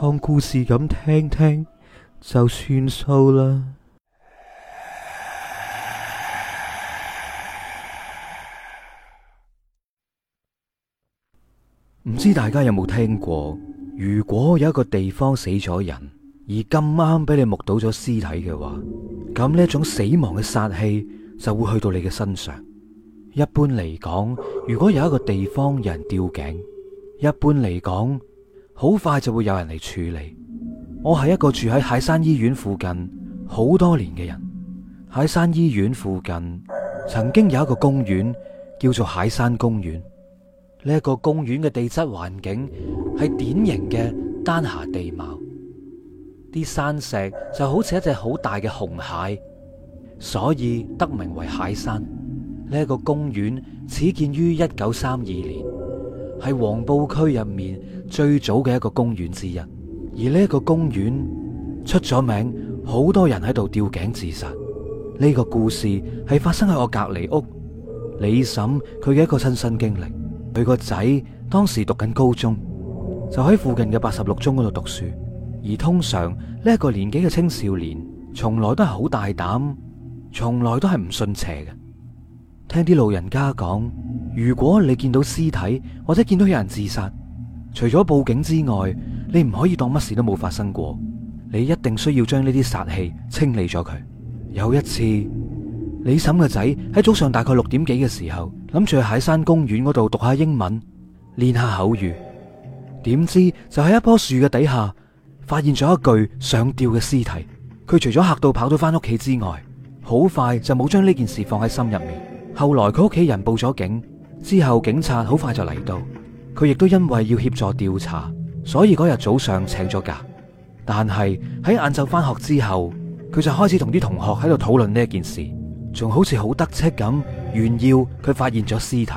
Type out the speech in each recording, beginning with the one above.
當故事咁聽聽就算數啦。唔知大家有冇聽過？如果有一個地方死咗人，而咁啱俾你目睹咗屍體嘅話，咁呢一種死亡嘅殺氣就會去到你嘅身上。一般嚟講，如果有一個地方有人吊頸，一般嚟講。好快就會有人嚟處理。我係一個住喺蟹山醫院附近好多年嘅人。蟹山醫院附近曾經有一個公園，叫做蟹山公園。呢一個公園嘅地質環境係典型嘅丹霞地貌，啲山石就好似一隻好大嘅紅蟹，所以得名為蟹山。呢一個公園始建於一九三二年。係黃埔區入面最早嘅一個公園之一，而呢一個公園出咗名，好多人喺度吊頸自殺。呢、這個故事係發生喺我隔籬屋，李嬸佢嘅一個親身經歷。佢個仔當時讀緊高中，就喺附近嘅八十六中嗰度讀書。而通常呢一、這個年紀嘅青少年，從來都係好大膽，從來都係唔信邪嘅。聽啲老人家講，如果你見到屍體或者見到有人自殺，除咗報警之外，你唔可以當乜事都冇發生過。你一定需要將呢啲殺氣清理咗佢。有一次，李嬸嘅仔喺早上大概六點幾嘅時候，諗住去蟹山公園嗰度讀下英文，練下口語，點知就喺一棵樹嘅底下發現咗一具上吊嘅屍體。佢除咗吓到跑到翻屋企之外，好快就冇將呢件事放喺心入面。後來佢屋企人報咗警之後，警察好快就嚟到。佢亦都因為要協助調查，所以嗰日早上請咗假。但係喺晏晝翻學之後，佢就開始同啲同學喺度討論呢一件事，仲好似好得戚咁，炫耀佢發現咗屍體。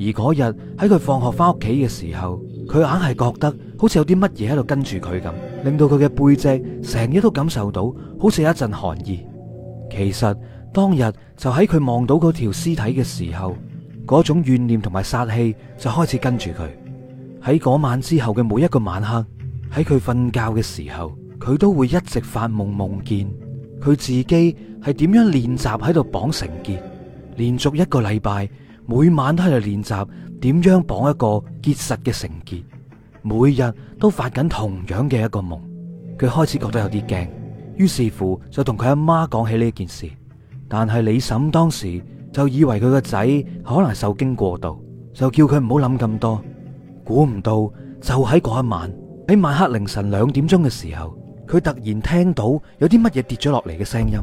而嗰日喺佢放學翻屋企嘅時候，佢硬係覺得好似有啲乜嘢喺度跟住佢咁，令到佢嘅背脊成日都感受到好似有一陣寒意。其實。當日就喺佢望到嗰條屍體嘅時候，嗰種怨念同埋殺氣就開始跟住佢。喺嗰晚之後嘅每一個晚黑，喺佢瞓覺嘅時候，佢都會一直發夢，夢見佢自己係點樣練習喺度綁繩結，連續一個禮拜，每晚都喺度練習點樣綁一個結實嘅繩結。每日都發緊同樣嘅一個夢，佢開始覺得有啲驚，於是乎就同佢阿媽講起呢件事。但係李嬸當時就以為佢個仔可能受驚過度，就叫佢唔好諗咁多。估唔到就喺嗰一晚，喺晚黑凌晨兩點鐘嘅時候，佢突然聽到有啲乜嘢跌咗落嚟嘅聲音。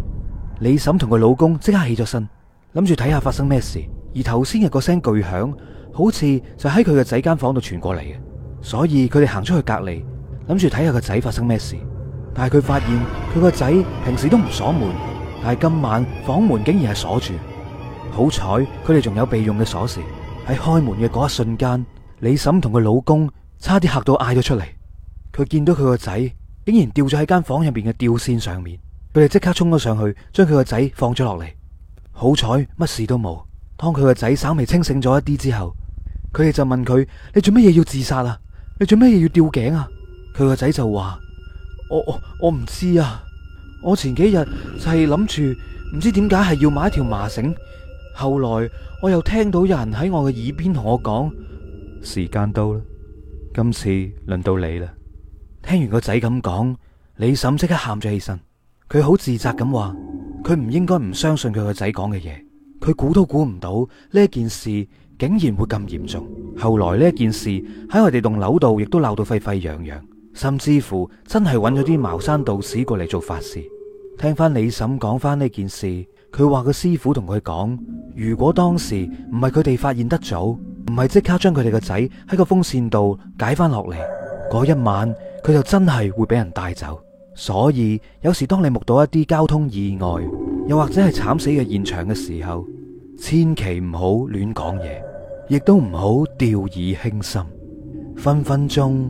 李嬸同佢老公即刻起咗身，諗住睇下發生咩事。而頭先嘅個聲巨響，好似就喺佢個仔間房度傳過嚟嘅，所以佢哋行出去隔離，諗住睇下個仔發生咩事。但係佢發現佢個仔平時都唔鎖門。但係今晚房門竟然係鎖住，好彩佢哋仲有備用嘅鎖匙。喺開門嘅嗰一瞬間，李嬸同佢老公差啲嚇到嗌咗出嚟。佢見到佢個仔竟然吊咗喺間房入邊嘅吊線上面，佢哋即刻衝咗上去，將佢個仔放咗落嚟。好彩乜事都冇。當佢個仔稍微清醒咗一啲之後，佢哋就問佢：你做乜嘢要自殺啊？你做乜嘢要吊頸啊？佢個仔就話：我我我唔知啊。我前幾日就係諗住，唔知點解係要買一條麻繩。後來我又聽到有人喺我嘅耳邊同我講：時間到啦，今次輪到你啦。聽完個仔咁講，李嬸即刻喊咗起身，佢好自責咁話：佢唔應該唔相信佢個仔講嘅嘢。佢估都估唔到呢一件事竟然會咁嚴重。後來呢一件事喺我哋棟樓度亦都鬧到沸沸揚揚。甚至乎真係揾咗啲茅山道士過嚟做法事。聽翻李嬸講翻呢件事，佢話個師傅同佢講：如果當時唔係佢哋發現得早，唔係即刻將佢哋個仔喺個風扇度解翻落嚟，嗰一晚佢就真係會俾人帶走。所以有時當你目睹一啲交通意外，又或者係慘死嘅現場嘅時候，千祈唔好亂講嘢，亦都唔好掉以輕心，分分鐘。